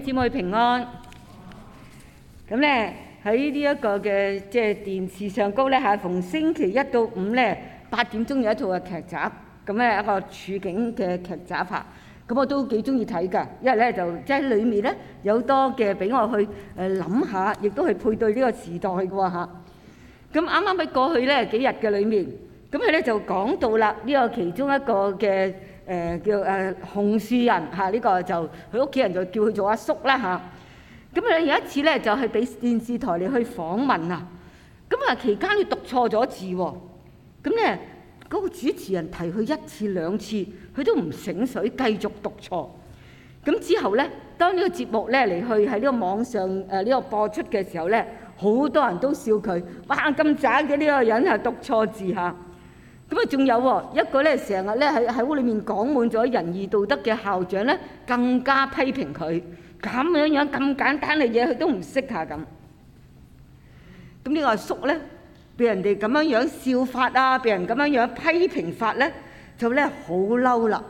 姐妹平安，咁咧喺呢一個嘅即係電視上高咧，係逢星期一到五咧八點鐘有一套嘅劇集，咁咧一個處境嘅劇集嚇，咁我都幾中意睇噶，因為咧就即係喺裡面咧有好多嘅俾我去誒諗下，亦都係配對呢個時代嘅喎嚇。咁啱啱喺過去咧幾日嘅裡面，咁佢咧就講到啦，呢個其中一個嘅。誒、呃、叫誒紅樹人嚇，呢、啊這個就佢屋企人就叫佢做阿叔啦嚇。咁啊有一次咧，就係俾電視台嚟去訪問啊。咁啊期間佢讀錯咗字喎。咁咧嗰個主持人提佢一次兩次，佢都唔醒水，繼續讀錯。咁、啊、之後咧，當個節呢個節目咧嚟去喺呢個網上誒呢、呃這個播出嘅時候咧，好多人都笑佢，哇咁渣嘅呢個人係讀錯字嚇。啊咁啊，仲有喎，一個咧成日咧喺喺屋裏面講滿咗仁義道德嘅校長咧，更加批評佢咁樣樣咁簡單嘅嘢，佢都唔識下咁。咁呢個叔咧，俾人哋咁樣樣笑法啊，俾人咁樣樣批評法咧，就咧好嬲啦。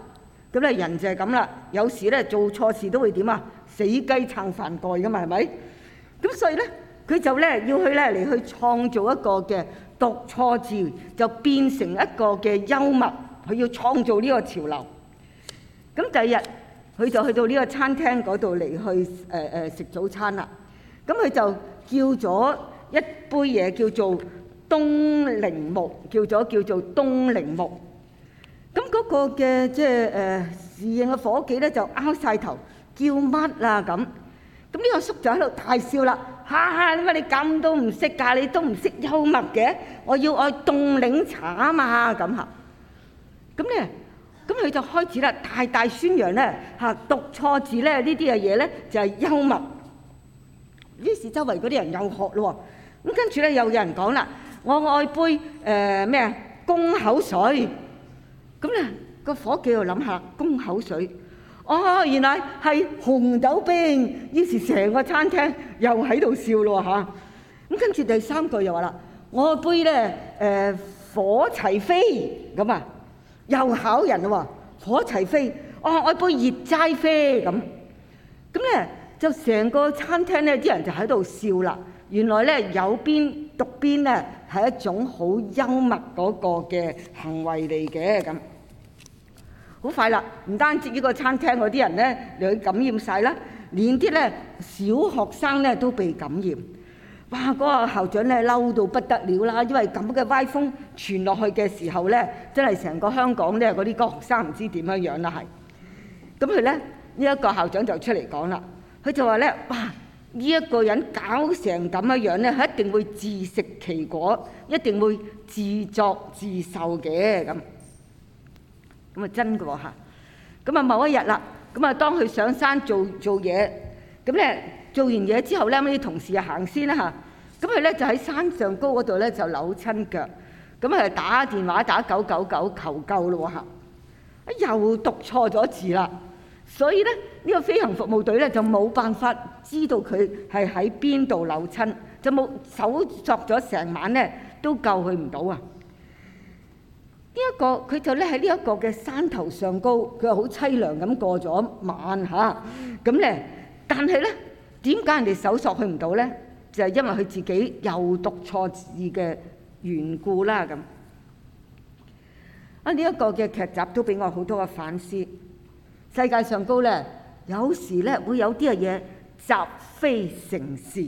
咁咧人就係咁啦，有時咧做錯事都會點啊，死雞撐飯蓋㗎嘛，係咪？咁所以咧，佢就咧要去咧嚟去創造一個嘅。讀錯字就變成一個嘅幽默，佢要創造呢個潮流。咁第二日佢就去到呢個餐廳嗰度嚟去誒誒、呃呃、食早餐啦。咁佢就叫咗一杯嘢叫做冬凌木，叫咗叫做冬凌木。咁嗰個嘅即係誒侍應嘅伙計咧就拗晒頭叫乜啊咁。咁呢個叔就喺度大笑啦。嚇！點解你咁都唔識㗎？你都唔識幽默嘅？我要愛凍檸茶嘛咁嚇。咁咧，咁佢就開始啦，大大宣揚咧嚇讀錯字咧呢啲嘅嘢咧就係幽默。於是周圍嗰啲人又學喎。咁跟住咧又有人講啦，我愛杯誒咩啊？公口水。咁咧個夥計又諗下，公口水。哦，原來係紅豆冰，於是成個餐廳又喺度笑咯嚇。咁、啊、跟住第三句又話啦，我杯咧誒、呃、火齊飛咁啊，又考人咯喎，火齊飛。哦，我杯熱齋啡咁。咁咧就成個餐廳咧啲人就喺度笑啦。原來咧有邊讀邊咧係一種好幽默嗰個嘅行為嚟嘅咁。好快啦！唔單止呢個餐廳嗰啲人咧，你感染曬啦，連啲咧小學生咧都被感染。哇！嗰個校長咧嬲到不得了啦，因為咁嘅歪風傳落去嘅時候咧，真係成個香港咧嗰啲學生唔知點樣樣啦，係。咁佢咧呢一個校長就出嚟講啦，佢就話咧：哇！呢一個人搞成咁樣樣咧，佢一定會自食其果，一定會自作自受嘅咁。咁啊真嘅喎吓，咁啊某一日啦，咁啊當佢上山做做嘢，咁咧做完嘢之後咧，啲同事就啊行先啦吓，咁佢咧就喺山上高嗰度咧就扭親腳，咁啊打電話打九九九求救咯吓、啊，又讀錯咗字啦，所以咧呢、呢個飛行服務隊咧就冇辦法知道佢係喺邊度扭親，就冇搜索咗成晚咧都救佢唔到啊。呢一個佢就咧喺呢一個嘅山頭上高，佢好淒涼咁過咗一晚嚇。咁咧，但係咧，點解人哋搜索佢唔到咧？就係因為佢自己又讀錯字嘅緣故啦咁。啊，呢一個嘅劇集都俾我好多嘅反思。世界上高咧，有時咧會有啲嘅嘢習非成是，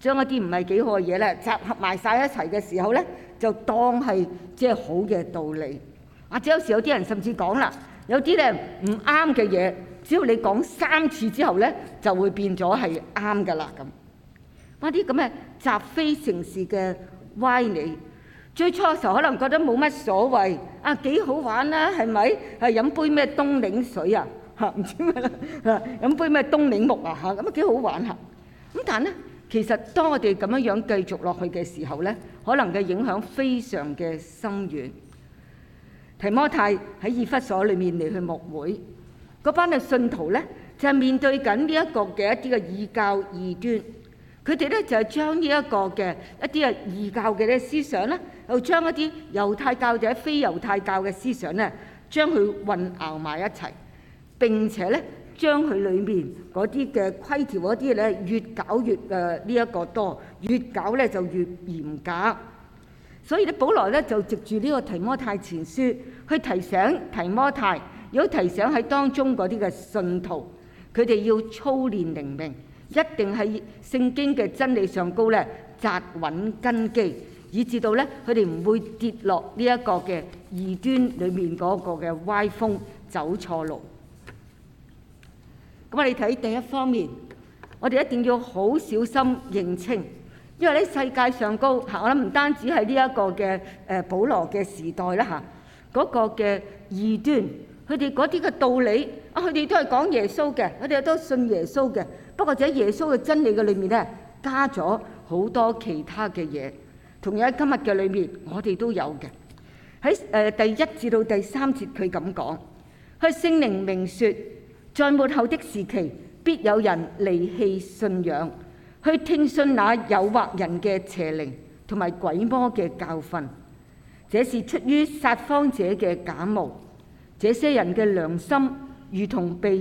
將一啲唔係幾好嘅嘢咧集合埋曬一齊嘅時候咧。就當係即係好嘅道理。或者有時有啲人甚至講啦，有啲咧唔啱嘅嘢，只要你講三次之後咧，就會變咗係啱噶啦咁。嗰啲咁嘅集非成是嘅歪理，最初嘅時候可能覺得冇乜所謂，啊幾好玩啦，係咪？係飲杯咩冬嶺水啊？嚇唔知乜啦，飲杯咩冬嶺木啊？嚇咁啊幾好玩嚇。咁但咧，其實當我哋咁樣樣繼續落去嘅時候咧。可能嘅影響非常嘅深遠。提摩太喺以弗所裏面嚟去牧會，嗰班嘅信徒咧就面對緊呢一個嘅一啲嘅異教異端，佢哋咧就係將呢一個嘅一啲嘅異教嘅咧思想咧，又將一啲猶太教或者非猶太教嘅思想咧，將佢混淆埋一齊，並且咧。將佢裏面嗰啲嘅規條嗰啲咧，越搞越誒呢一個多，越搞咧就越嚴格。所以咧，保羅咧就藉住呢個提摩太前書，去提醒提摩太，如果提醒喺當中嗰啲嘅信徒，佢哋要操練靈命，一定係聖經嘅真理上高咧紮穩根基，以至到咧佢哋唔會跌落呢一個嘅異端裏面嗰個嘅歪風，走錯路。我哋睇第一方面，我哋一定要好小心認清，因為喺世界上高嚇，我諗唔單止係呢一個嘅誒保羅嘅時代啦嚇，嗰個嘅異端，佢哋嗰啲嘅道理，啊佢哋都係講耶穌嘅，佢哋都信耶穌嘅，不過就喺耶穌嘅真理嘅裏面咧，加咗好多其他嘅嘢，同樣喺今日嘅裏面，我哋都有嘅。喺誒第一至到第三節，佢咁講，佢聖靈明説。在末後的時期，必有人離棄信仰，去聽信那誘惑人嘅邪靈同埋鬼魔嘅教訓。這是出於說謊者嘅假冒。這些人嘅良心如同被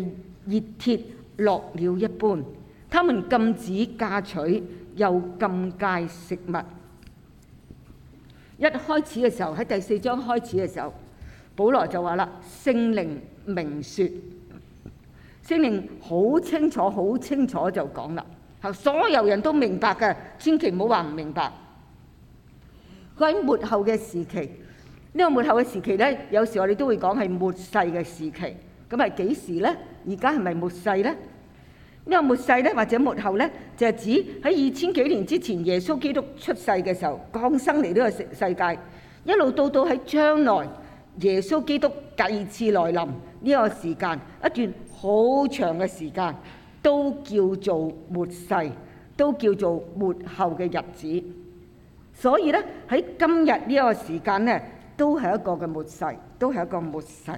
熱鐵烙了一般。他們禁止嫁娶，又禁戒食物。一開始嘅時候，喺第四章開始嘅時候，保羅就話啦：聖靈明説。聖靈好清楚，好清楚就講啦，係所有人都明白嘅，千祈唔好話唔明白。佢喺末後嘅時期，呢個末後嘅時期咧，有時我哋都會講係末世嘅時期。咁係幾時咧？而家係咪末世咧？呢個末世咧，或者末後咧，就係指喺二千幾年之前，耶穌基督出世嘅時候降生嚟呢個世世界，一路到到喺將來耶穌基督第二次來臨呢個時間一段。好長嘅時間都叫做末世，都叫做末後嘅日子。所以呢喺今日呢一個時間呢，都係一個嘅末世，都係一個末世。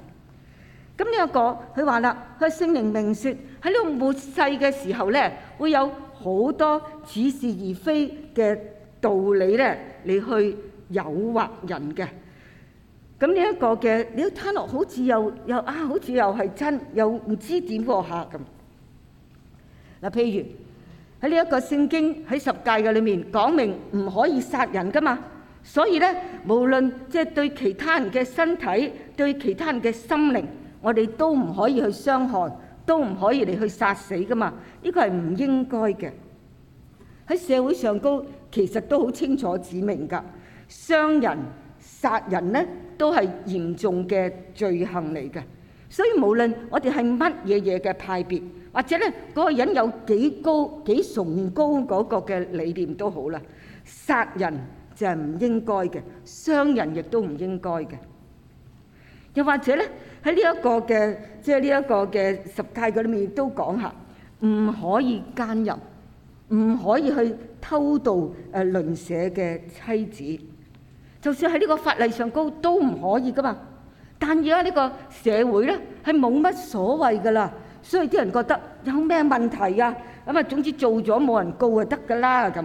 咁呢一個佢話啦，佢聖靈明説，喺呢個末世嘅時候呢，會有好多似是而非嘅道理呢，你去誘惑人嘅。咁呢一個嘅，你都聽落好似又又啊，好似又係真，又唔知點過下咁。嗱，譬如喺呢一個聖經喺十誡嘅裏面講明唔可以殺人噶嘛，所以咧無論即係對其他人嘅身體，對其他人嘅心靈，我哋都唔可以去傷害，都唔可以嚟去殺死噶嘛。呢個係唔應該嘅。喺社會上高其實都好清楚指明㗎，傷人殺人咧。都係嚴重嘅罪行嚟嘅，所以無論我哋係乜嘢嘢嘅派別，或者咧嗰個人有幾高幾崇高嗰個嘅理念都好啦，殺人就係唔應該嘅，傷人亦都唔應該嘅。又或者咧喺呢個、就是、個一個嘅即係呢一個嘅十誡嗰裏面都講下，唔可以奸淫，唔可以去偷盜誒鄰舍嘅妻子。就算喺呢個法例上高都唔可以噶嘛，但而家呢個社會呢係冇乜所謂噶啦，所以啲人覺得有咩問題啊？咁啊，總之做咗冇人告就得噶啦咁。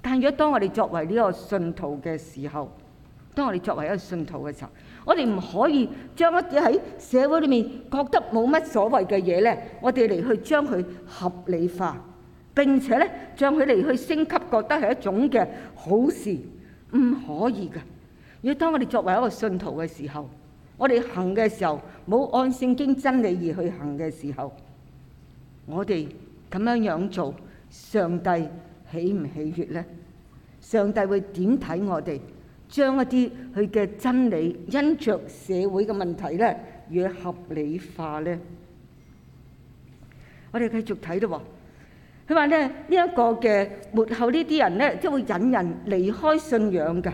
但係如果當我哋作為呢個信徒嘅時候，當我哋作為一個信徒嘅時候，我哋唔可以將一啲喺社會裏面覺得冇乜所謂嘅嘢呢，我哋嚟去將佢合理化，並且呢將佢嚟去升級，覺得係一種嘅好事。唔可以噶！如果當我哋作為一個信徒嘅時候，我哋行嘅時候冇按聖經真理而去行嘅時候，我哋咁樣樣做，上帝喜唔喜悅呢？上帝會點睇我哋？將一啲佢嘅真理因着社會嘅問題呢而合理化呢？我哋繼續睇咯喎。佢話咧呢一、這個嘅末後呢啲人咧，即係會引人離開信仰嘅。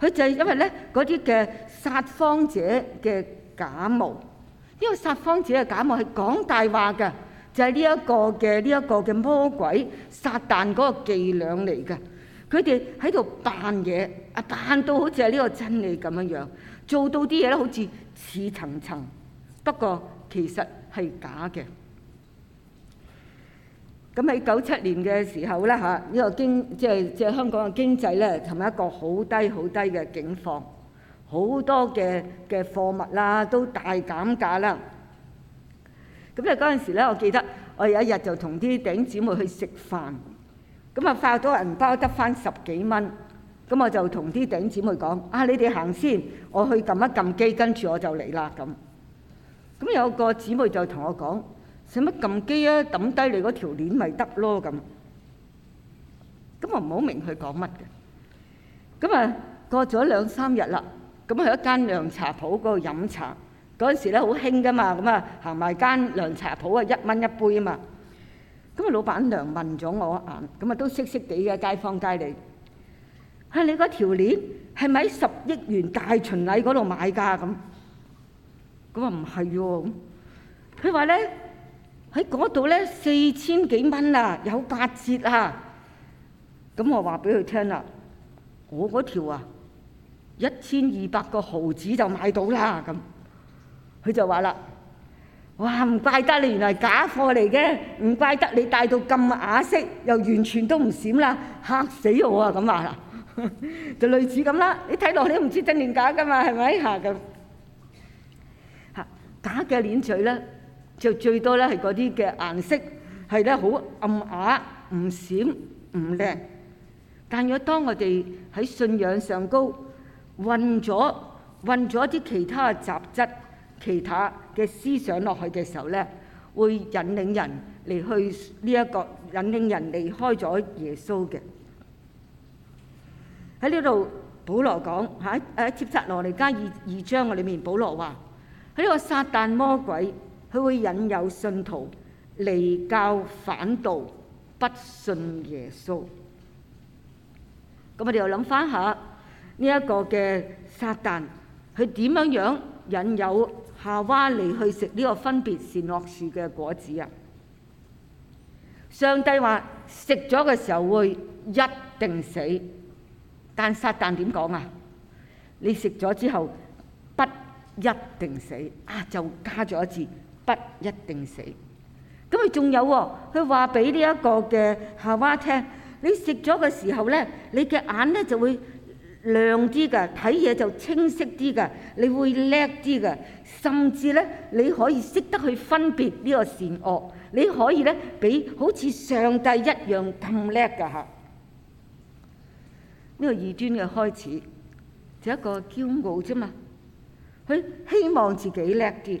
佢就係因為咧嗰啲嘅撒謊者嘅假冒。呢、這個撒謊者嘅假冒係講大話嘅，就係呢一個嘅呢一個嘅魔鬼撒旦嗰個伎倆嚟嘅。佢哋喺度扮嘢，啊扮到好似係呢個真理咁樣樣，做到啲嘢咧好似似層層，不過其實係假嘅。咁喺九七年嘅時候咧嚇，呢、啊、個經即係即係香港嘅經濟咧，係一個好低好低嘅境況，好多嘅嘅貨物啦都大減價啦。咁咧嗰陣時咧，我記得我有一日就同啲頂姊妹去食飯，咁、嗯、啊花到銀包得返十幾蚊，咁、嗯、我就同啲頂姊妹講：啊，你哋行先，我去撳一撳機，跟住我就嚟啦咁。咁有個姊妹就同我講。使乜撳機啊？抌低你嗰條鏈咪得咯，咁？咁我唔好明佢講乜嘅。咁啊過咗兩三日啦，咁去一間涼茶鋪嗰度飲茶。嗰陣時咧好興噶嘛，咁啊行埋間涼茶鋪啊，一蚊一杯啊嘛。咁啊老闆娘問咗我一眼，咁啊都識識哋嘅街坊街裏。啊，你嗰條鏈係咪喺十億元大巡禮嗰度買㗎？咁，咁啊唔係喎。佢話咧。喺嗰度呢四千幾蚊啊，有八折啊！咁我話俾佢聽啦，我嗰條啊一千二百個毫子就買到啦咁。佢就話啦，哇，唔怪得你原來假貨嚟嘅，唔怪得你戴到咁啞色，又完全都唔閃啦，嚇死我啊！咁話啦，就類似咁啦。你睇落你都唔知真定假噶嘛，係咪嚇咁嚇？假嘅鏈墜呢。就最多咧，係嗰啲嘅顏色係咧，好暗啞，唔閃唔靚。但若當我哋喺信仰上高混咗混咗啲其他雜質、其他嘅思想落去嘅時候咧，會引領人嚟去呢一個引領人離開咗耶穌嘅喺呢度。保羅講喺喺帖撒羅尼加二二章裏面，保羅話喺呢個撒旦魔鬼。佢會引誘信徒離教反道，不信耶穌。咁我哋又諗翻下呢一個嘅撒旦，佢點樣樣引誘夏娃嚟去食呢個分別善惡樹嘅果子啊？上帝話食咗嘅時候會一定死，但撒旦點講啊？你食咗之後不一定死啊，就加咗一字。不一定死。咁佢仲有喎、哦，佢話俾呢一個嘅夏娃聽，你食咗嘅時候呢，你嘅眼呢就會亮啲㗎，睇嘢就清晰啲㗎，你會叻啲㗎，甚至呢，你可以識得去分別呢個善惡，你可以呢，比好似上帝一樣咁叻㗎吓。呢、這個異端嘅開始就是、一個驕傲啫嘛，佢希望自己叻啲。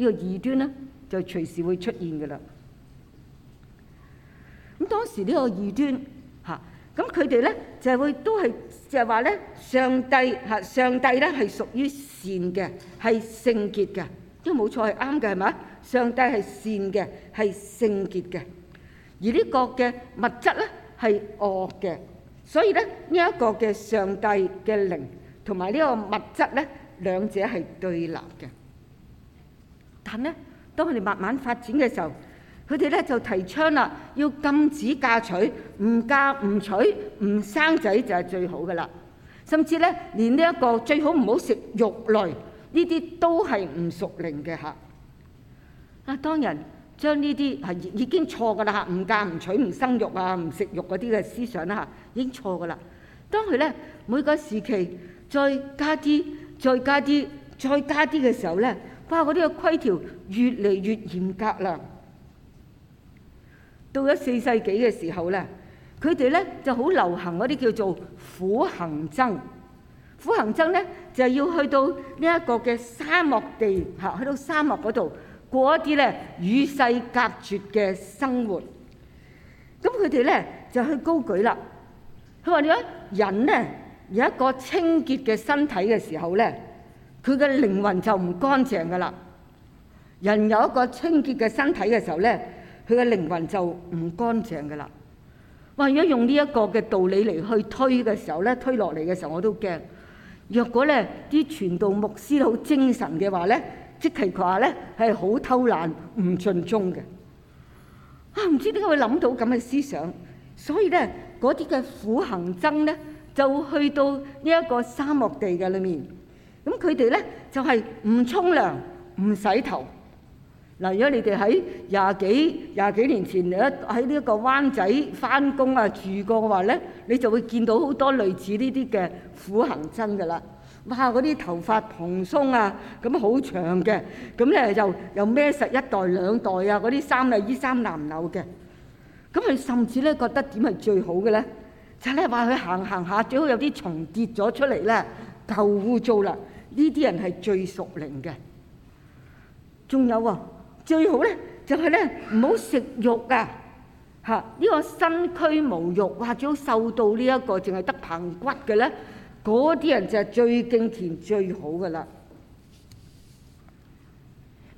呢個異端咧，就隨時會出現嘅啦。咁當時呢個異端嚇，咁佢哋咧就係會都係就係話咧，上帝嚇上帝咧係屬於善嘅，係聖潔嘅，因為冇錯係啱嘅，係咪？上帝係善嘅，係聖潔嘅，而呢個嘅物質咧係惡嘅，所以咧呢一個嘅上帝嘅靈同埋呢個物質咧兩者係對立嘅。咁咧，當佢哋慢慢發展嘅時候，佢哋咧就提倡啦，要禁止嫁娶，唔嫁唔娶，唔生仔就係最好嘅啦。甚至咧，連呢一個最好唔好食肉類呢啲都係唔屬靈嘅嚇。啊，當人將呢啲係已經錯嘅啦嚇，唔嫁唔娶唔生育啊，唔食肉嗰啲嘅思想啦嚇，已經錯嘅啦。當佢咧每個時期再加啲、再加啲、再加啲嘅時候咧。哇！嗰啲嘅規條越嚟越嚴格啦。到咗四世紀嘅時候咧，佢哋咧就好流行嗰啲叫做苦行僧。苦行僧咧就係要去到呢一個嘅沙漠地嚇，去到沙漠嗰度過一啲咧與世隔絕嘅生活。咁佢哋咧就去高舉啦。佢話你人咧有一個清潔嘅身體嘅時候咧。佢嘅靈魂就唔乾淨㗎喇。人有一個清潔嘅身體嘅時候咧，佢嘅靈魂就唔乾淨㗎喇。哇！而家用呢一個嘅道理嚟去推嘅時候咧，推落嚟嘅時候我都驚。若果咧啲傳道牧師好精神嘅話咧，即係話咧係好偷懶唔盡忠嘅。啊！唔知點解會諗到咁嘅思想，所以咧嗰啲嘅苦行僧咧就去到呢一個沙漠地嘅裏面。咁佢哋咧就係唔沖涼，唔洗頭。嗱，如果你哋喺廿幾廿幾年前喺呢一個灣仔翻工啊住過嘅話咧，你就會見到好多類似呢啲嘅苦行僧㗎啦。哇！嗰啲頭髮蓬鬆啊，咁好長嘅，咁咧又又孭實一袋兩袋啊，嗰啲衫啊，衣衫襤褸嘅。咁佢甚至咧覺得點係最好嘅咧？就係咧話佢行行下最好有啲蟲跌咗出嚟啦，夠污糟啦。呢啲人係最熟靈嘅，仲有啊，最好咧就係咧唔好食肉啊！嚇，呢個身軀無肉，或者好瘦到呢一個，淨係得棚骨嘅咧，嗰啲人就係最敬虔最好嘅啦。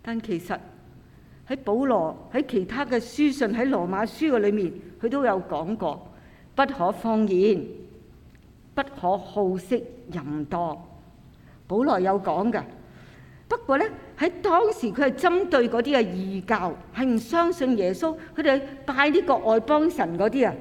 但其實喺保羅喺其他嘅書信喺羅馬書嘅裏面，佢都有講過：不可放言，不可好色淫蕩。好耐有講㗎，不過呢喺當時佢係針對嗰啲嘅異教，係唔相信耶穌，佢哋拜呢個外邦神嗰啲啊，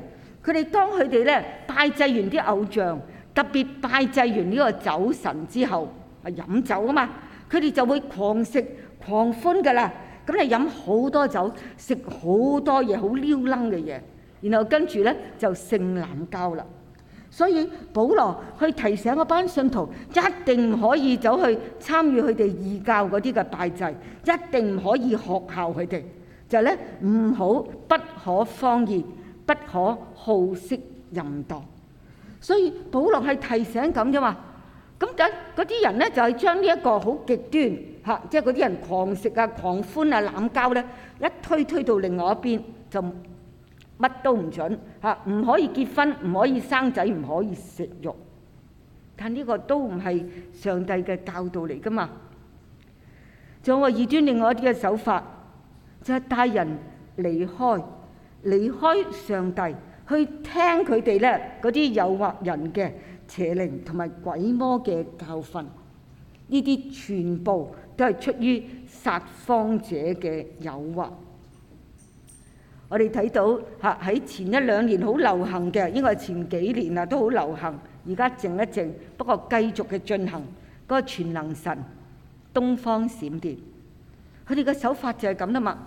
佢哋當佢哋呢拜祭完啲偶像，特別拜祭完呢個酒神之後，係飲酒啊嘛，佢哋就會狂食狂歡㗎啦，咁你飲好多酒，食好多嘢，好撩楞嘅嘢，然後跟住呢就性濫交啦。所以保羅去提醒嗰班信徒，一定唔可以走去參與佢哋異教嗰啲嘅拜祭，一定唔可以學效佢哋，就係咧唔好不可荒宴，不可好色淫蕩。所以保羅係提醒咁啫嘛。咁緊嗰啲人咧就係將呢一個好極端嚇，即係嗰啲人狂食啊、狂歡啊、濫交咧，一推推到另外一邊就。乜都唔准，嚇，唔可以結婚，唔可以生仔，唔可以食肉。但呢個都唔係上帝嘅教導嚟㗎嘛。仲有個異端，另外一啲嘅手法，就係、是、帶人離開，離開上帝，去聽佢哋呢嗰啲誘惑人嘅邪靈同埋鬼魔嘅教訓。呢啲全部都係出於說謊者嘅誘惑。我哋睇到吓喺前一兩年好流行嘅，應該係前幾年啊，都好流行。而家靜一靜，不過繼續嘅進行。嗰個全能神、東方閃電，佢哋嘅手法就係咁吖嘛。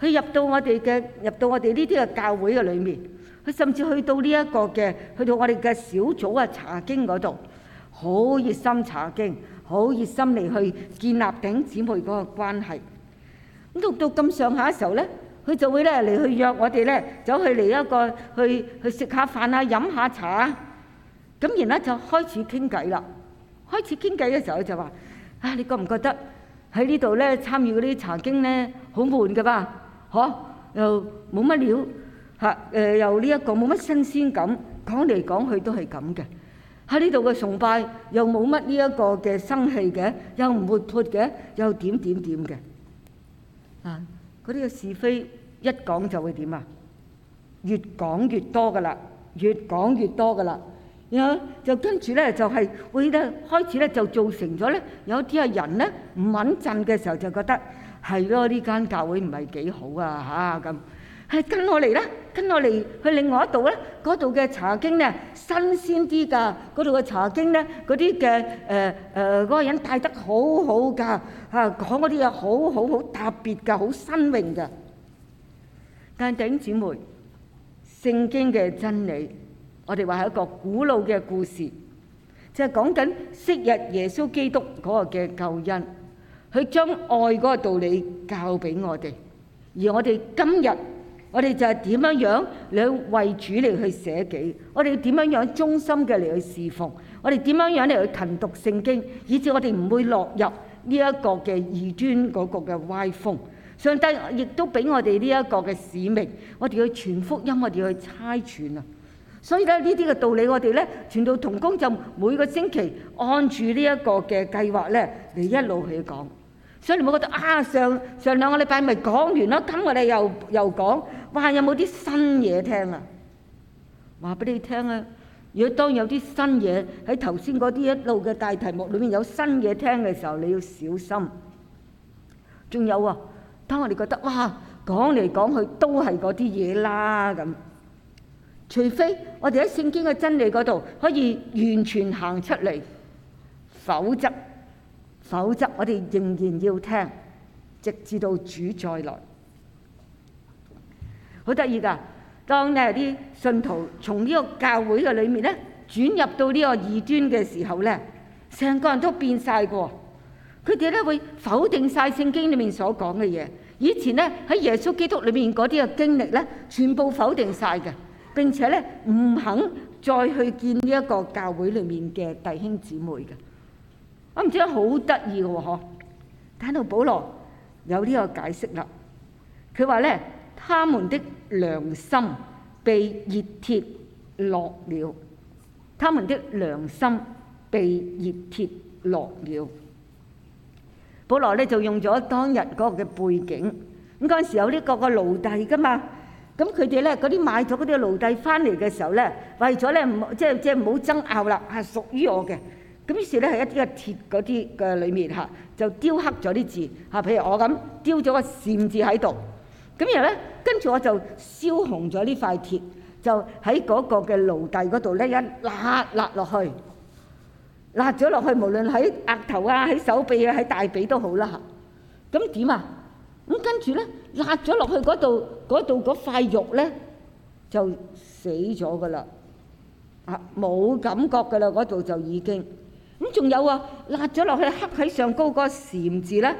佢入到我哋嘅，入到我哋呢啲嘅教會嘅裏面，佢甚至去到呢一個嘅，去到我哋嘅小組啊、查經嗰度，好熱心查經，好熱心嚟去建立頂姊妹嗰個關係。咁到到咁上下嘅時候呢。佢就會咧嚟去約我哋咧，走去嚟一個去去食下飯啊，飲下茶啊，咁然之後開始傾偈啦。開始傾偈嘅時候就話：啊，你覺唔覺得喺呢度咧參與嗰啲茶經咧好悶㗎嘛？嚇又冇乜料嚇誒，又呢一個冇乜新鮮感，講嚟講去都係咁嘅。喺呢度嘅崇拜又冇乜呢一個嘅生氣嘅，又唔活潑嘅，又點點點嘅啊！嗰啲嘅是非一講就會點啊？越講越多噶啦，越講越多噶啦，然、嗯、後就跟住呢，就係、是、會呢開始呢，就造成咗呢。有啲啊人呢，唔穩陣嘅時候就覺得係咯，呢間教會唔係幾好啊嚇咁。啊嗯係跟我嚟啦，跟我嚟去另外一度啦。嗰度嘅查經呢新鮮啲㗎，嗰度嘅查經呢嗰啲嘅誒誒嗰個人帶得好好㗎，啊講嗰啲嘢好好好特別㗎，好新穎㗎。但係，弟兄姊妹，聖經嘅真理，我哋話係一個古老嘅故事，就係講緊昔日耶穌基督嗰個嘅救恩，佢將愛嗰個道理教俾我哋，而我哋今日。我哋就係點樣樣去為主嚟去寫記，我哋要點樣樣忠心嘅嚟去侍奉，我哋點樣樣嚟去勤讀聖經，以致我哋唔會落入呢一個嘅異端嗰個嘅歪風。上帝亦都俾我哋呢一個嘅使命，我哋要傳福音，我哋去差傳啊。所以咧，呢啲嘅道理，我哋咧傳道同工就每個星期按住呢一個嘅計劃咧，嚟一路去講。所以你冇覺得啊？上上兩個禮拜咪講完咯，今日我哋又又講，哇！有冇啲新嘢聽啦？話俾你聽啊！如果當有啲新嘢喺頭先嗰啲一路嘅大題目裏面有新嘢聽嘅時候，你要小心。仲有啊，當我哋覺得哇，講嚟講去都係嗰啲嘢啦咁，除非我哋喺聖經嘅真理嗰度可以完全行出嚟，否則。否則，我哋仍然要聽，直至到主再來。好得意㗎！當呢啲信徒從呢個教會嘅裏面咧，轉入到呢個異端嘅時候咧，成個人都變晒㗎。佢哋咧會否定晒聖經裏面所講嘅嘢，以前咧喺耶穌基督裏面嗰啲嘅經歷咧，全部否定晒嘅。並且咧唔肯再去見呢一個教會裏面嘅弟兄姊妹嘅。咁唔知，好得意嘅喎，嗬！睇到保羅有呢個解釋啦，佢話咧，他們的良心被熱鐵烙了，他們的良心被熱鐵烙了。保羅咧就用咗當日嗰個嘅背景，咁嗰陣時有呢個個奴隸嘅嘛，咁佢哋咧嗰啲買咗嗰啲奴隸翻嚟嘅時候咧，為咗咧唔即係即係唔好爭拗啦，係屬於我嘅。咁於是咧喺一啲嘅鐵嗰啲嘅裏面嚇，就雕刻咗啲字嚇，譬如我咁雕咗個善字喺度。咁然後咧，跟住我就燒紅咗呢塊鐵，就喺嗰個嘅爐底嗰度咧一焫焫落去，焫咗落去，無論喺額頭啊、喺手臂啊、喺大髀都好啦嚇。咁點啊？咁跟住咧，焫咗落去嗰度，嗰度嗰塊肉咧就死咗㗎啦，嚇冇感覺㗎啦，嗰度就已經。咁仲有啊，甩咗落去，刻喺上高嗰個禪字咧，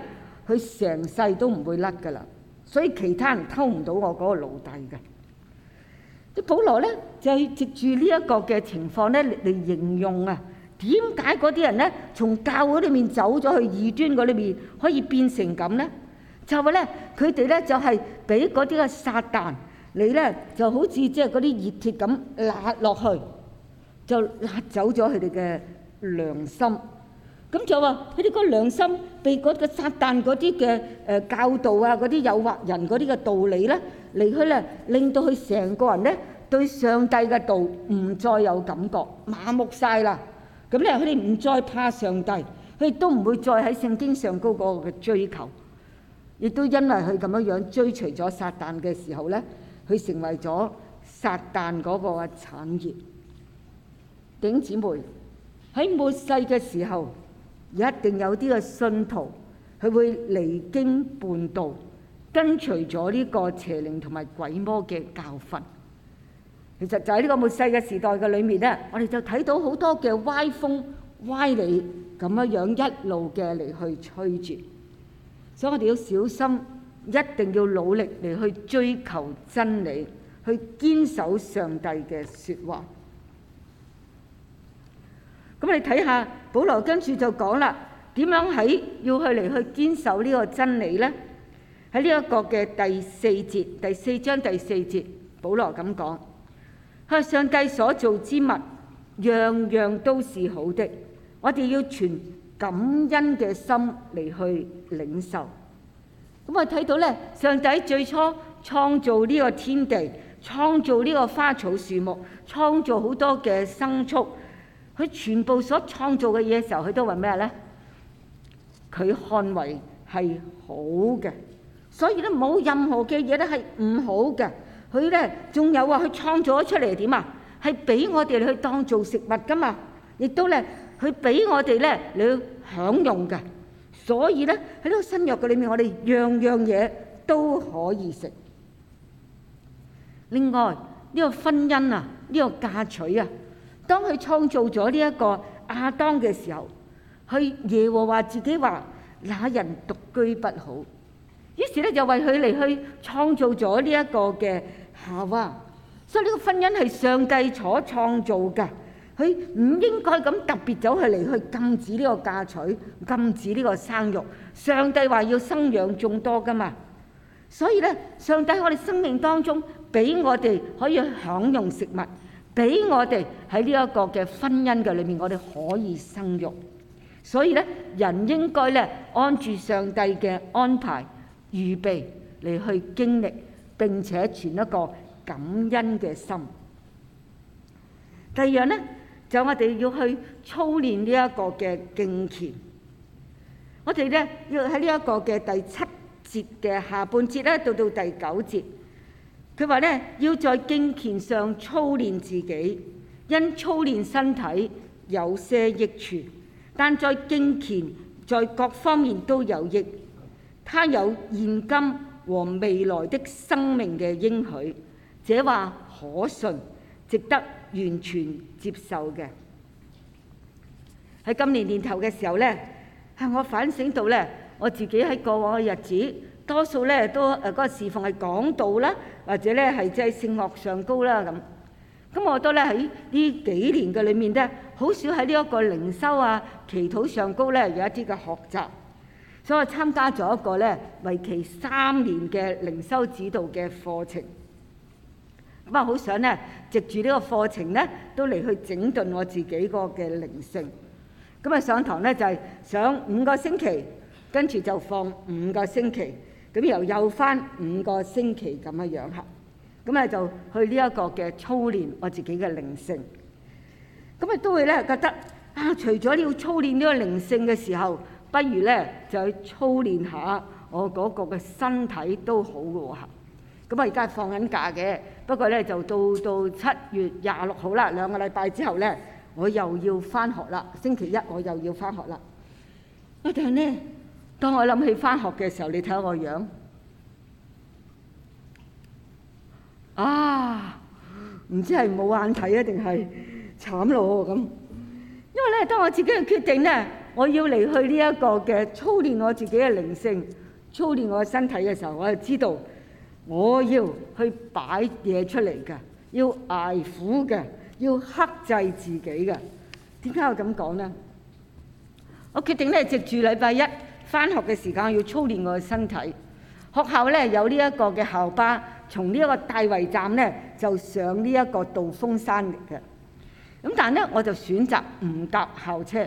佢成世都唔會甩噶啦。所以其他人偷唔到我嗰個奴隸嘅。啲保羅咧就係藉住呢一個嘅情況咧嚟嚟形容啊，點解嗰啲人咧從教會裏面走咗去異端嗰裏面可以變成咁咧？就話咧佢哋咧就係俾嗰啲嘅撒旦，你咧就好似即係嗰啲熱鐵咁甩落去，就甩走咗佢哋嘅。良心，咁就話佢哋個良心被嗰個撒旦嗰啲嘅，誒教導啊，嗰啲誘惑人嗰啲嘅道理咧，嚟，佢咧令到佢成個人咧對上帝嘅道唔再有感覺，麻木晒啦。咁咧，佢哋唔再怕上帝，佢哋都唔會再喺聖經上高嗰個嘅追求，亦都因為佢咁樣樣追隨咗撒旦嘅時候咧，佢成為咗撒旦嗰個產業。頂姊妹。喺末世嘅時候，一定有啲嘅信徒，佢會離經叛道，跟隨咗呢個邪靈同埋鬼魔嘅教訓。其實就喺呢個末世嘅時代嘅裏面咧，我哋就睇到好多嘅歪風歪理咁樣樣一路嘅嚟去吹住。所以我哋要小心，一定要努力嚟去追求真理，去堅守上帝嘅説話。咁你睇下，保羅跟住就講啦，點樣喺要去嚟去堅守呢個真理呢？喺呢一個嘅第四節第四章第四節，保羅咁講：上帝所造之物，樣樣都是好的，我哋要全感恩嘅心嚟去領受。咁我睇到呢，上帝最初創造呢個天地，創造呢個花草樹木，創造好多嘅牲畜。佢全部所創造嘅嘢嘅時候，佢都話咩呢？佢看為係好嘅，所以呢冇任何嘅嘢呢係唔好嘅。佢呢仲有啊，佢創造咗出嚟點啊？係俾我哋去當做食物噶嘛，亦都呢佢俾我哋呢嚟享用嘅。所以呢喺呢個新約嘅裏面，我哋樣樣嘢都可以食。另外呢個婚姻啊，呢個嫁娶啊。當佢創造咗呢一個亞當嘅時候，佢耶和華自己話：那人獨居不好，於是咧就為佢嚟去創造咗呢一個嘅夏娃。所以呢個婚姻係上帝所創造嘅，佢唔應該咁特別走去嚟去禁止呢個嫁娶、禁止呢個生育。上帝話要生養眾多噶嘛，所以咧上帝喺我哋生命當中俾我哋可以享用食物。俾我哋喺呢一個嘅婚姻嘅裏面，我哋可以生育，所以咧人應該咧按住上帝嘅安排預備嚟去經歷，並且存一個感恩嘅心。第二樣咧，就我哋要去操練呢一個嘅敬虔，我哋咧要喺呢一個嘅第七節嘅下半節咧到到第九節。佢話咧，要在敬虔上操練自己，因操練身體有些益處，但在敬虔在各方面都有益。他有現今和未來的生命嘅應許，這話可信，值得完全接受嘅。喺今年年頭嘅時候咧，向我反省到咧，我自己喺過往嘅日子。多數咧都誒嗰個侍奉係講道啦，或者咧係即係聖樂上高啦咁。咁我都咧喺呢幾年嘅裏面咧，好少喺呢一個靈修啊、祈禱上高咧有一啲嘅學習，所以我參加咗一個咧，為期三年嘅靈修指導嘅課程。咁啊，好想咧藉住呢個課程咧，都嚟去整頓我自己個嘅靈性。咁啊，上堂咧就係上五個星期，跟住就放五個星期。咁由又翻五個星期咁嘅樣嚇，咁咧就去呢一個嘅操練我自己嘅靈性。咁啊都會咧覺得啊，除咗要操練呢個靈性嘅時候，不如咧就去操練下我嗰個嘅身體都好嘅喎嚇。咁啊而家放緊假嘅，不過咧就到到七月廿六號啦，兩個禮拜之後咧，我又要翻學啦，星期一我又要翻學啦。我但係咧。當我諗起翻學嘅時候，你睇下我樣，啊，唔知係冇眼睇啊，定係慘咯咁。因為咧，當我自己嘅決定咧，我要離去呢一個嘅操練我自己嘅靈性、操練我身體嘅時候，我就知道我要去擺嘢出嚟㗎，要捱苦嘅，要克制自己嘅。點解我咁講咧？我決定咧，直住禮拜一，返學嘅時間，要操練我嘅身體。學校呢有呢一個嘅校巴，從呢一個大圍站呢就上呢一個杜峰山嚟嘅。咁但呢，我就選擇唔搭校車，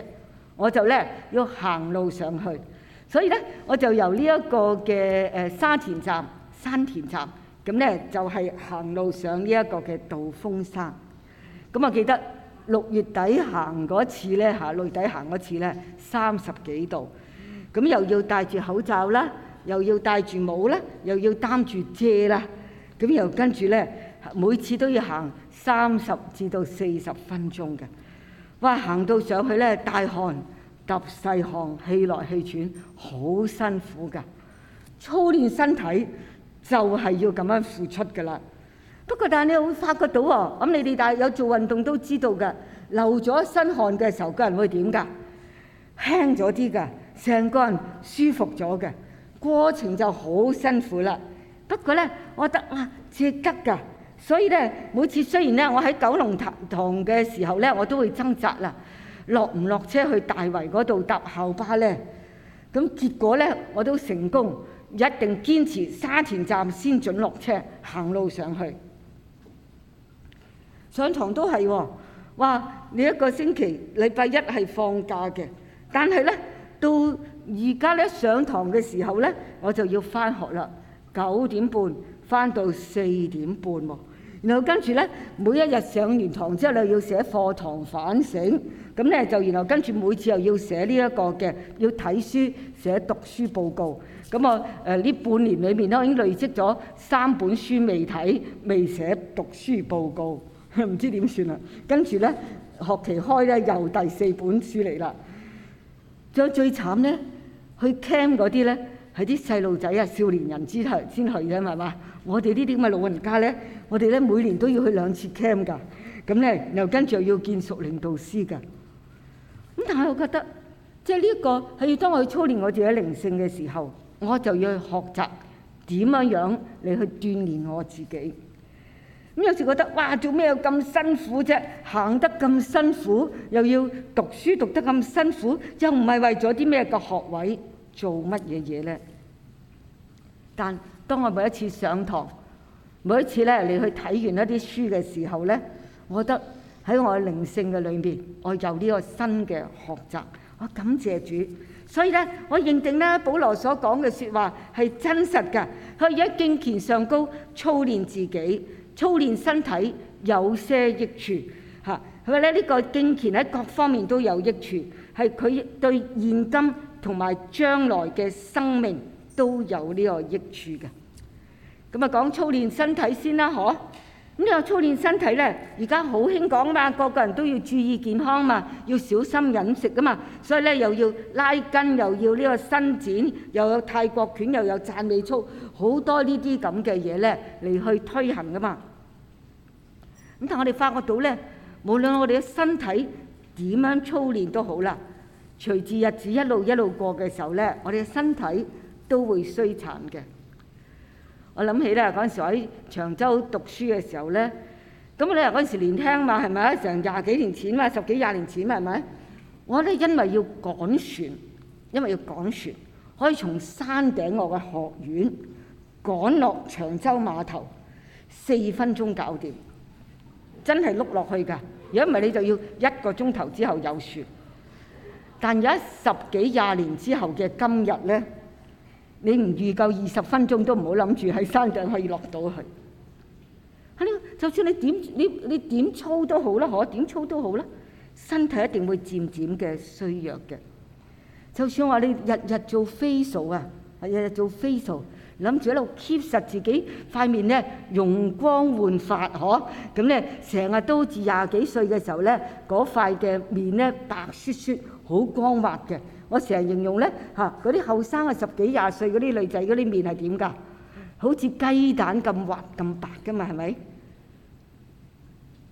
我就呢要行路上去。所以呢，我就由呢一個嘅誒沙田站、山田站咁呢，就係行路上呢一個嘅杜峰山。咁我記得六月底行嗰次呢，嚇，六月底行嗰次呢三十幾度。咁又要戴住口罩啦，又要戴住帽啦，又要擔住遮啦，咁又跟住咧，每次都要行三十至到四十分鐘嘅，哇！行到上去咧，大汗、揼細汗、氣來氣喘，好辛苦噶。操練身體就係、是、要咁樣付出噶啦。不過但係你會發覺到喎、哦，咁你哋大有做運動都知道嘅，流咗身汗嘅時候，個人會點㗎？輕咗啲㗎。成個人舒服咗嘅過程就好辛苦啦。不過呢，我覺得哇，值得㗎。所以呢，每次雖然呢，我喺九龍塘嘅時候呢，我都會掙扎啦，落唔落車去大圍嗰度搭校巴呢？咁結果呢，我都成功，一定堅持沙田站先準落車，行路上去上堂都係喎、哦。哇！你一個星期禮拜一係放假嘅，但係呢。到而家呢，上堂嘅時候呢，我就要翻學啦，九點半翻到四點半，然後跟住呢，每一日上完堂之後呢，要寫課堂反省。咁呢，就然後跟住每次又要寫呢一個嘅，要睇書寫讀書報告。咁我誒呢、呃、半年裏面呢，我已經累積咗三本書未睇未寫讀書報告，唔 知點算啦。跟住呢，學期開呢，又第四本書嚟啦。仲有最慘咧，去 camp 嗰啲咧，係啲細路仔啊、少年人之去先去嘅嘛係嘛？我哋呢啲咁嘅老人家咧，我哋咧每年都要去兩次 camp 㗎，咁咧又跟住又要見熟齡導師㗎。咁但係我覺得，即係呢一個係要當我去操練我自己靈性嘅時候，我就要去學習點樣樣嚟去鍛鍊我自己。有時覺得哇，做咩咁辛苦啫？行得咁辛苦，又要讀書讀得咁辛苦，又唔係為咗啲咩個學位做乜嘢嘢呢？但當我每一次上堂，每一次咧，你去睇完一啲書嘅時候呢，我覺得喺我嘅靈性嘅裏面，我有呢個新嘅學習，我感謝主。所以呢，我認定呢，保羅所講嘅說話係真實㗎。佢而家敬虔上高操練自己。操練身體有些益處，嚇。佢話咧呢個敬虔喺各方面都有益處，係佢對現今同埋將來嘅生命都有呢個益處嘅。咁啊，講操練身體先啦，嗬。咁呢個操練身體咧，而家好興講嘛，個個人都要注意健康嘛，要小心飲食噶嘛，所以咧又要拉筋，又要呢個伸展，又有泰國拳，又有贊美操，好多呢啲咁嘅嘢咧嚟去推行噶嘛。咁但係我哋發覺到咧，無論我哋嘅身體點樣操練都好啦，隨住日子一路一路過嘅時候咧，我哋嘅身體都會衰殘嘅。我諗起咧，嗰陣時我喺長洲讀書嘅時候咧，咁你嗰陣時年輕嘛，係咪啊？成廿幾年前嘛，十幾廿年前嘛，係咪？我咧因為要趕船，因為要趕船，可以從山頂我嘅學院趕落長洲碼頭，四分鐘搞掂。真係碌落去㗎，如果唔係你就要一個鐘頭之後有船。但有一十幾廿年之後嘅今日咧，你唔預夠二十分鐘都唔好諗住喺山上可以落到去。係你，就算你點你你點操都好啦，可點操都好啦，身體一定會漸漸嘅衰弱嘅。就算我話你日日做 facial 啊，日日做 facial。諗住喺度 keep 實自己塊面咧，容光煥發嗬，咁咧成日都似廿幾歲嘅時候咧，嗰塊嘅面咧，白雪雪好光滑嘅。我成日形容咧嚇嗰啲後生啊，十幾廿歲嗰啲女仔嗰啲面係點㗎？好似雞蛋咁滑咁白㗎嘛係咪？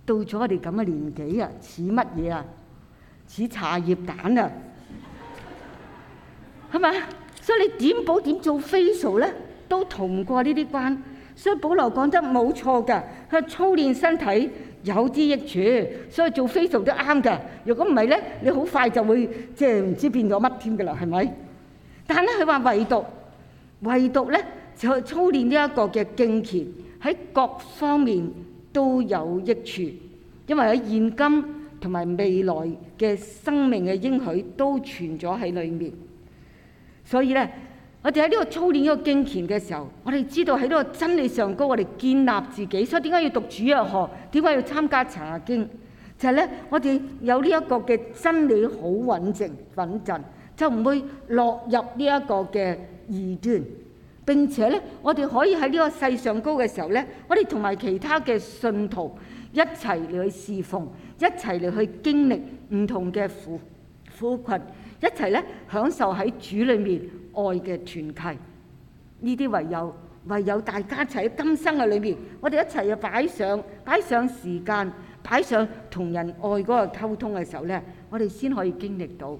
到咗我哋咁嘅年紀啊似乜嘢啊？似茶葉蛋啊係咪？所以你點補點做 facial 咧？都逃唔過呢啲關，所以保羅講得冇錯嘅，佢操練身體有啲益處，所以做 facial 都啱嘅。如果唔係咧，你好快就會即係唔知變到乜添㗎啦，係咪？但係咧，佢話唯獨唯獨咧，就係操練呢一個嘅敬虔喺各方面都有益處，因為喺現今同埋未來嘅生命嘅應許都存咗喺裏面，所以咧。我哋喺呢個操練呢個敬虔嘅時候，我哋知道喺呢個真理上高，我哋建立自己，所以點解要讀主日學？點解要參加查經？就係咧，我哋有呢一個嘅真理，好穩靜穩陣，就唔會落入呢一個嘅異端。並且咧，我哋可以喺呢個世上高嘅時候咧，我哋同埋其他嘅信徒一齊嚟去侍奉，一齊嚟去經歷唔同嘅苦苦困，一齊咧享受喺主裏面。愛嘅團契，呢啲唯有唯有大家一齊喺今生嘅裏面，我哋一齊又擺上擺上時間，擺上同人愛嗰個溝通嘅時候呢，我哋先可以經歷到。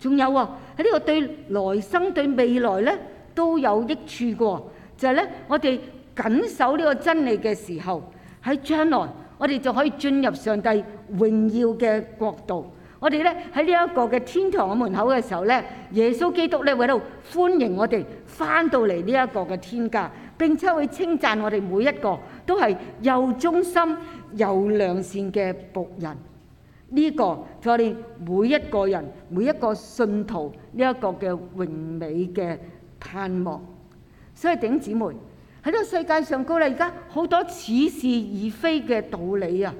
仲有啊，喺呢個對來生對未來呢都有益處嘅喎，就係呢我哋緊守呢個真理嘅時候，喺將來我哋就可以進入上帝榮耀嘅國度。我哋咧喺呢一個嘅天堂嘅門口嘅時候咧，耶穌基督咧會喺度歡迎我哋翻到嚟呢一個嘅天家，並且會稱讚我哋每一個都係又忠心又良善嘅僕人。呢、這個就係我哋每一個人每一個信徒呢一、這個嘅榮美嘅盼望。所以弟兄姊妹喺呢個世界上高咧，而家好多似是而非嘅道理啊！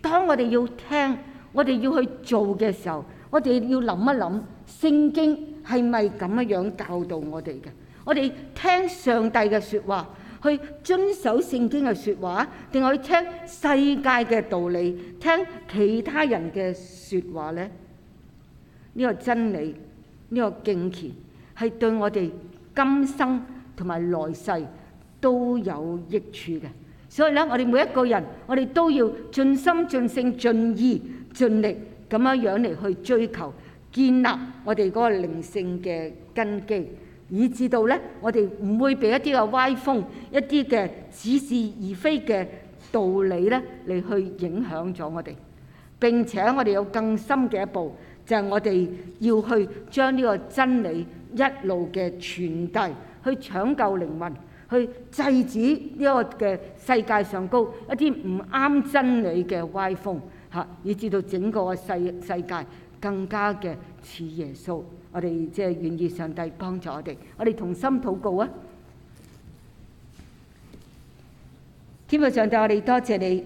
當我哋要聽。我哋要去做嘅時候，我哋要諗一諗聖經係咪咁樣教導我哋嘅？我哋聽上帝嘅説話，去遵守聖經嘅説話，定係去聽世界嘅道理，聽其他人嘅説話呢？呢個真理，呢個敬虔係對我哋今生同埋來世都有益處嘅。所以咧，我哋每一個人，我哋都要盡心、盡性、盡意。盡力咁樣樣嚟去追求建立我哋嗰個靈性嘅根基，以至到呢我哋唔會俾一啲嘅歪風、一啲嘅似是而非嘅道理呢，嚟去影響咗我哋。並且我哋有更深嘅一步，就係我哋要去將呢個真理一路嘅傳遞，去搶救靈魂，去制止呢個嘅世界上高一啲唔啱真理嘅歪風。哈！以至到整個世世界更加嘅似耶穌，我哋即係願意上帝幫助我哋，我哋同心禱告啊！天父上帝，我哋多謝你，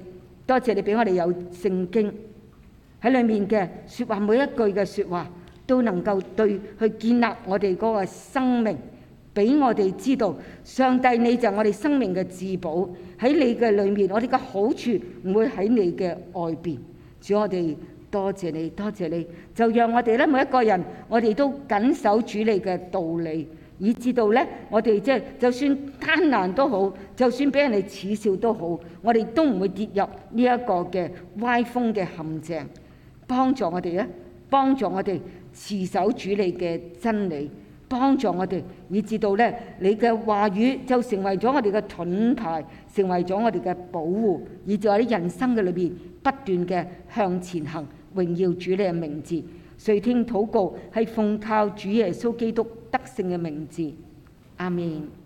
多謝你俾我哋有聖經喺裡面嘅説話，每一句嘅説話都能夠對去建立我哋嗰個生命，俾我哋知道上帝你就係我哋生命嘅至寶，喺你嘅裡面，我哋嘅好處唔會喺你嘅外邊。主我哋多謝你，多謝你，就讓我哋咧，每一個人，我哋都謹守主你嘅道理，以至到咧，我哋即係就算艱難都好，就算俾人哋恥笑都好，我哋都唔會跌入呢一個嘅歪風嘅陷阱，幫助我哋咧，幫助我哋持守主你嘅真理。幫助我哋，以至到呢，你嘅話語就成為咗我哋嘅盾牌，成為咗我哋嘅保護，以致喺人生嘅裏邊不斷嘅向前行，榮耀主你嘅名字，垂聽禱告，係奉靠主耶穌基督得勝嘅名字，阿門。